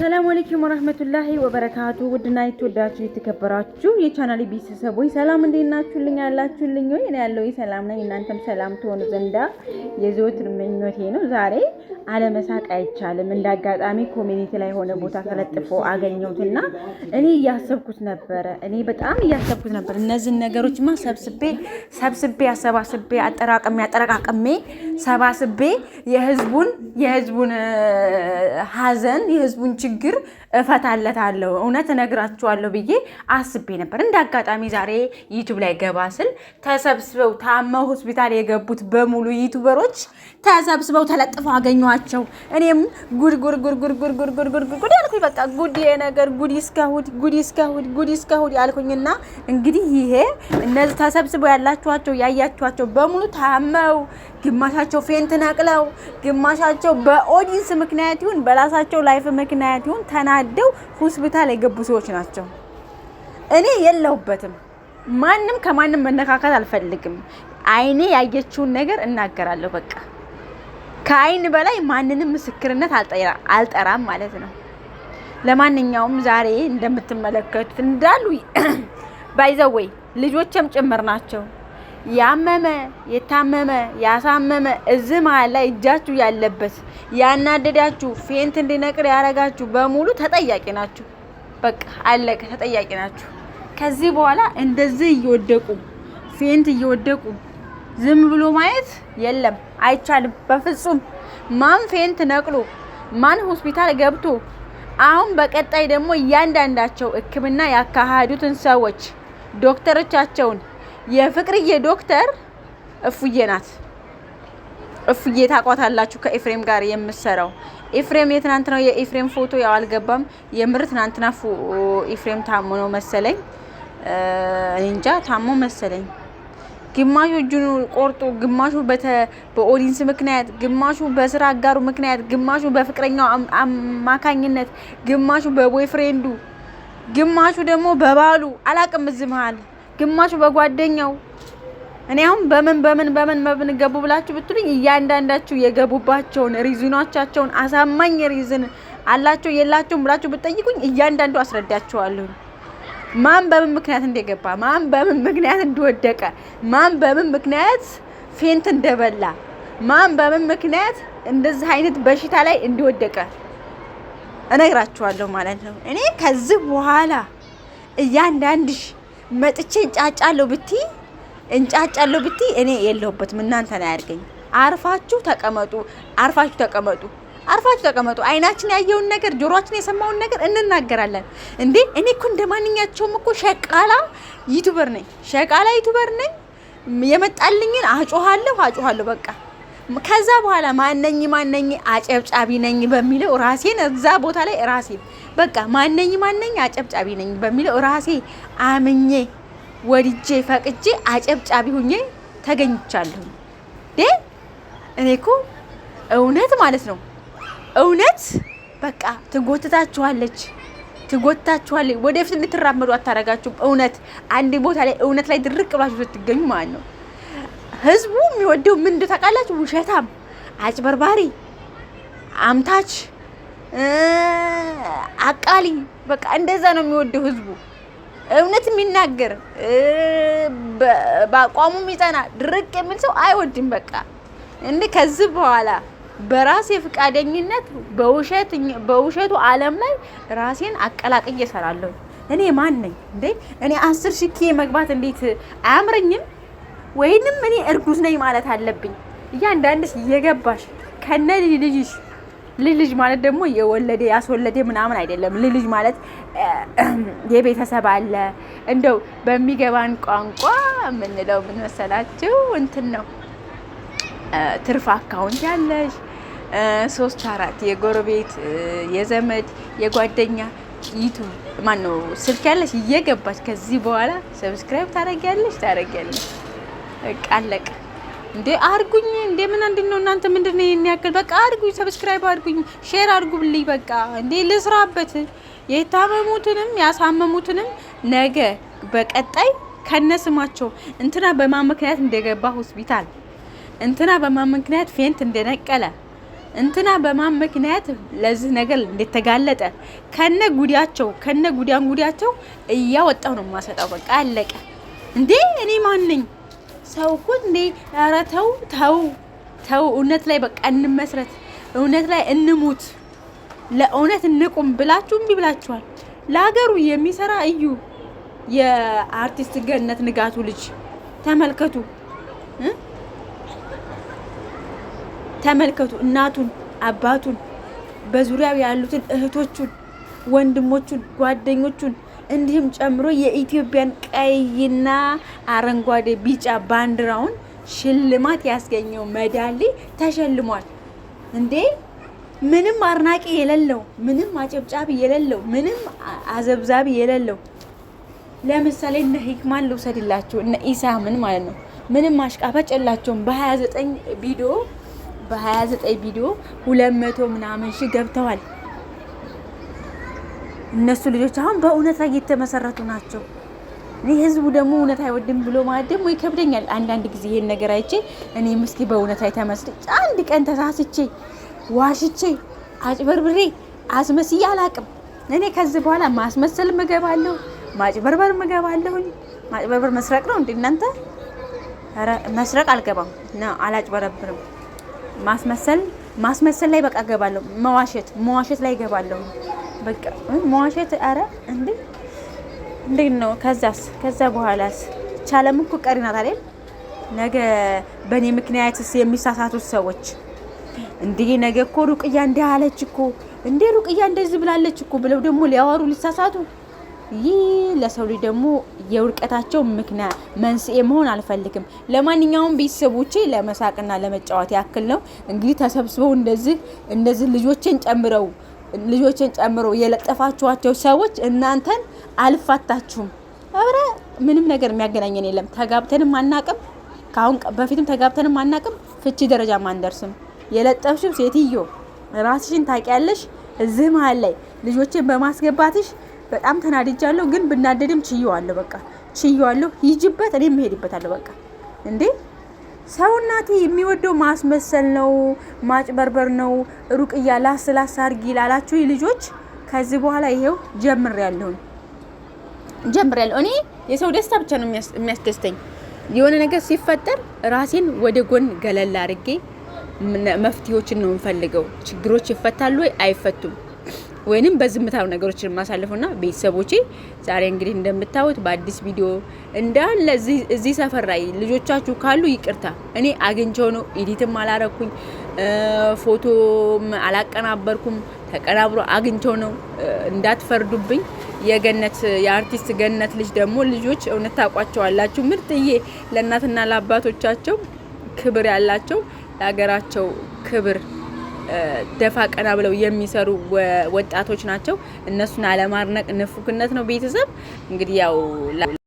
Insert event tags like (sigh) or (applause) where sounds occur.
ሰላም አለይኩም ወራህመቱላሂ ወበረካቱ። ውድና የተወዳችሁ የተከበራችሁ የቻናል ቤተሰቦች ሰላም እንዴት ናችሁልኝ? ያላችሁልኝ ወይ? እኔ ያለው ሰላም ነኝ። እናንተም ሰላም ትሆኑ ዘንዳ የዘወትር ምኞቴ ነው። ዛሬ አለመሳቅ አይቻልም። እንዳጋጣሚ ኮሚኒቲ ላይ ሆነ ቦታ ተለጥፎ አገኘሁትና እኔ እያሰብኩት ነበረ። እኔ በጣም እያሰብኩት ነበር። እነዚህን ነገሮችማ ሰብስቤ ሰብስቤ አሰባስቤ አጠራቅሜ አጠራቅሜ ሰባስቤ የህዝቡን የህዝቡን ሀዘን የህዝቡን ችግር እፈታለታለሁ እውነት እነግራችኋለሁ ብዬ አስቤ ነበር። እንደ አጋጣሚ ዛሬ ዩቱብ ላይ ገባ ስል ተሰብስበው ታመው ሆስፒታል የገቡት በሙሉ ዩቱበሮች ተሰብስበው ተለጥፈው አገኘኋቸው። እኔም ጉድ ጉድ ጉድ ጉድ ጉድ ጉድ ጉድ ጉድ ጉድ ያልኩኝ በቃ ጉድ የነገር ጉድ እስከ ጉድ እስከ ጉድ እስከ ያልኩኝና እንግዲህ ይሄ እነዚህ ተሰብስበው ያላችኋቸው ያያችኋቸው በሙሉ ታመው ግማሻቸው ፌንት ነቅለው ግማሻቸው በኦዲንስ ምክንያት ይሁን በራሳቸው ላይፍ ምክንያት ተናዲውን ተናደው ሆስፒታል የገቡ ሰዎች ናቸው። እኔ የለሁበትም። ማንም ከማንም መነካከት አልፈልግም። አይኔ ያየችውን ነገር እናገራለሁ። በቃ ከአይን በላይ ማንንም ምስክርነት አልጠራም ማለት ነው። ለማንኛውም ዛሬ እንደምትመለከቱት እንዳሉ ባይዘወይ (clears throat) ልጆችም ጭምር ናቸው። ያመመ የታመመ ያሳመመ እዚህ መሀል ላይ እጃችሁ ያለበት ያናደዳችሁ ፌንት እንዲነቅር ያደረጋችሁ በሙሉ ተጠያቂ ናችሁ። በቃ አለቀ፣ ተጠያቂ ናችሁ። ከዚህ በኋላ እንደዚህ እየወደቁ ፌንት እየወደቁ ዝም ብሎ ማየት የለም፣ አይቻልም በፍጹም። ማን ፌንት ነቅሎ ማን ሆስፒታል ገብቶ አሁን በቀጣይ ደግሞ እያንዳንዳቸው ሕክምና ያካሄዱትን ሰዎች ዶክተሮቻቸውን የፍቅርዬ ዶክተር እፉዬ ናት። እፉዬ ታቋታላችሁ፣ ከኤፍሬም ጋር የምትሰራው ኤፍሬም። ነው የኤፍሬም ፎቶ ያው አልገባም። የምር ትናንትና ኤፍሬም ታሞ ነው መሰለኝ፣ እንጃ ታሞ መሰለኝ። ግማሹ እጁን ቆርጦ፣ ግማሹ በኦዲንስ ምክንያት፣ ግማሹ በስራ አጋሩ ምክንያት፣ ግማሹ በፍቅረኛው አማካኝነት፣ ግማሹ በቦይፍሬንዱ፣ ግማሹ ደግሞ በባሉ አላቅም እዚህ መሀል ግማሹ በጓደኛው እኔ አሁን በምን በምን በምን መብን ገቡ ብላችሁ ብትሉኝ እያንዳንዳችሁ የገቡባቸውን ሪዝኖቻቸውን አሳማኝ ሪዝን አላቸው የላቸውም ብላችሁ ብትጠይቁኝ እያንዳንዱ አስረዳችኋለሁ። ማን በምን ምክንያት እንደገባ፣ ማን በምን ምክንያት እንደወደቀ፣ ማን በምን ምክንያት ፌንት እንደበላ፣ ማን በምን ምክንያት እንደዚህ አይነት በሽታ ላይ እንደወደቀ እነግራችኋለሁ ማለት ነው። እኔ ከዚህ በኋላ እያንዳንድሽ መጥቼ እንጫጫለሁ ብቲ እንጫጫለሁ ብቲ እኔ የለሁበትም። ና አያርገኝ። አርፋችሁ ተቀመጡ፣ አርፋችሁ ተቀመጡ፣ አርፋችሁ ተቀመጡ። አይናችን ያየውን ነገር ጆሮችን የሰማውን ነገር እንናገራለን እንዴ። እኔ እኮ እንደ ማንኛቸውም እኮ ሸቃላ ዩቱበር ነኝ፣ ሸቃላ ዩቱበር ነኝ። የመጣልኝን አጮኋለሁ፣ አጮኋለሁ በቃ ከዛ በኋላ ማነኝ ማነኝ አጨብጫቢ ነኝ በሚለው ራሴን እዛ ቦታ ላይ ራሴ በቃ ማነኝ ማነኝ አጨብጫቢ ነኝ በሚለው ራሴ አምኜ ወድጄ ፈቅጄ አጨብጫቢ ሁኜ ተገኝቻለሁ። ዴ እኔ እኮ እውነት ማለት ነው እውነት በቃ ትጎትታችኋለች ትጎትታችኋለች። ወደፊት እንድትራመዱ አታረጋችሁም። እውነት አንድ ቦታ ላይ እውነት ላይ ድርቅ ብላችሁ ስትገኙ ማለት ነው ህዝቡ የሚወደው ምን እንደታውቃላችሁ? ውሸታም፣ አጭበርባሪ፣ አምታች፣ አቃሊ በቃ እንደዛ ነው የሚወደው ህዝቡ። እውነት የሚናገር በአቋሙ የሚጸና ድርቅ የሚል ሰው አይወድም። በቃ እንደ ከዚህ በኋላ በራሴ ፈቃደኝነት በውሸቱ ዓለም ላይ ራሴን አቀላቅዬ እሰራለሁ። እኔ ማን ነኝ እንዴ? እኔ አስር ሺህ መግባት እንዴት አያምረኝም? ወይንም እኔ እርጉዝ ነኝ ማለት አለብኝ። እያንዳንድሽ እየገባሽ ከነ ልጅ ልጅሽ ልጅ ልጅ ማለት ደግሞ የወለደ ያስወለደ ምናምን አይደለም። ልጅ ልጅ ማለት የቤተሰብ አለ። እንደው በሚገባን ቋንቋ የምንለው ምን መሰላችሁ? እንትን ነው ትርፍ አካውንት ያለሽ ሶስት አራት የጎረቤት የዘመድ የጓደኛ ይቱ ማን ነው ስልክ ያለሽ እየገባች ከዚህ በኋላ ሰብስክራይብ ታደርጊያለሽ ታደርጊያለሽ ቃለቅ እንዴ አርጉኝ እንዴ ምን አንድ ነው እናንተ ምንድን ነው ይሄን በቃ አርጉኝ ሰብስክራይብ አርጉኝ ሼር አርጉልኝ በቃ እንዴ ልስራበት የታመሙትንም ያሳመሙትንም ነገ በቀጣይ ከነስማቸው እንትና በማን ምክንያት እንደገባ ሆስፒታል እንትና በማን ምክንያት ፌንት እንደነቀለ እንትና በማን ምክንያት ለዚህ ነገር እንደተጋለጠ ከነ ጉዳያቸው ከነ ጉዳያን ጉዳያቸው እያወጣው ነው የማሰጠው በቃ አለቀ እንዴ እኔ ማን ነኝ ሰው እኮ እንዴ! ኧረ ተው ተው ተው። እውነት ላይ በቃ እንመስረት፣ እውነት ላይ እንሙት፣ ለእውነት እንቁም ብላችሁ እምቢ ብላችኋል። ለሀገሩ የሚሰራ እዩ። የአርቲስት ገነት ንጋቱ ልጅ ተመልከቱ ተመልከቱ እናቱን አባቱን በዙሪያው ያሉትን እህቶቹን፣ ወንድሞቹን፣ ጓደኞቹን እንዲህም ጨምሮ የኢትዮጵያን ቀይና አረንጓዴ ቢጫ ባንዲራውን ሽልማት ያስገኘው መዳሊ ተሸልሟል እንዴ! ምንም አድናቂ የሌለው ምንም አጨብጫቢ የሌለው ምንም አዘብዛቢ የሌለው ለምሳሌ እነ ሂክማን ልውሰድላቸው እነ ምን ማለት ነው። ምንም ማሽቃበጭ የላቸውም። በ29 ቪዲዮ በ29 ቪዲዮ 200 ምናምን ሺህ ገብተዋል። እነሱ ልጆች አሁን በእውነት ላይ የተመሰረቱ ናቸው። ይህ ህዝቡ ደግሞ እውነት አይወድም ብሎ ማለት ደግሞ ይከብደኛል። አንዳንድ ጊዜ ይሄን ነገር አይቼ እኔም እስኪ በእውነት ላይ ተመስርቼ አንድ ቀን ተሳስቼ ዋሽቼ አጭበርብሬ አስመስዬ አላቅም። እኔ ከዚህ በኋላ ማስመሰል ምገባለሁ፣ ማጭበርበር ምገባለሁኝ። ማጭበርበር መስረቅ ነው እንደ እናንተ መስረቅ አልገባም አላጭበረብርም። ማስመሰል ማስመሰል ላይ በቃ እገባለሁ። መዋሸት መዋሸት ላይ እገባለሁ። በቃ መዋሸት። ኧረ እንዴ እንዴት ነው? ከዛስ? ከዛ በኋላስ? ቻለም እኮ ቀሪ ናት አይደል? ነገ በእኔ ምክንያትስ የሚሳሳቱት ሰዎች እንዴ ነገ እኮ ሩቅያ እንዲህ አለች እኮ እንዴ ሩቅያ እንደዚህ ብላለች እኮ ብለው ደግሞ ሊያወሩ ሊሳሳቱ፣ ይህ ለሰው ልጅ ደግሞ የውድቀታቸው ምክንያት መንስኤ መሆን አልፈልግም። ለማንኛውም ቤተሰቦቼ ለመሳቅና ለመጫወት ያክል ነው እንግዲህ ተሰብስበው እንደዚህ እንደዚህ ልጆችን ጨምረው ልጆችን ጨምሮ የለጠፋችኋቸው ሰዎች እናንተን አልፋታችሁም። አብረ ምንም ነገር የሚያገናኘን የለም። ተጋብተንም አናቅም። ከአሁን በፊትም ተጋብተንም አናቅም። ፍቺ ደረጃም አንደርስም። የለጠፍሽም ሴትዮ ራስሽን ታውቂያለሽ። እዚህ መሀል ላይ ልጆችን በማስገባትሽ በጣም ተናድጃለሁ። ግን ብናደድም ችየዋለሁ። በቃ ችየዋለሁ። ሂጅበት፣ እኔ መሄድበታለሁ። በቃ እንዴ ሰው እናቴ የሚወደው ማስመሰል ነው፣ ማጭበርበር ነው። ሩቅ ላስ ላስ አርጊ ላላችሁ ልጆች ከዚህ በኋላ ይሄው ጀምር ጀምሬያለሁ። እኔ የሰው ደስታ ብቻ ነው የሚያስደስተኝ። የሆነ ነገር ሲፈጠር ራሴን ወደ ጎን ገለል አድርጌ መፍትሄዎችን ነው የምፈልገው። ችግሮች ይፈታሉ ወይ አይፈቱም ወይንም በዝምታ ነው ነገሮችን የማሳልፈውና ቤተሰቦቼ ዛሬ እንግዲህ እንደምታዩት በአዲስ ቪዲዮ እንዳለ እዚህ ሰፈር ላይ ልጆቻችሁ ካሉ ይቅርታ፣ እኔ አግኝቼው ነው ኤዲትም አላረኩኝ፣ ፎቶም አላቀናበርኩም። ተቀናብሮ አግኝቼው ነው እንዳትፈርዱብኝ። የገነት የአርቲስት ገነት ልጅ ደግሞ ልጆች እውነት ታውቋቸዋላችሁ። ምርጥዬ ለእናትና ለአባቶቻቸው ክብር ያላቸው ለሀገራቸው ክብር ደፋ ቀና ብለው የሚሰሩ ወጣቶች ናቸው። እነሱን አለማድነቅ ንፉክነት ነው። ቤተሰብ እንግዲህ ያው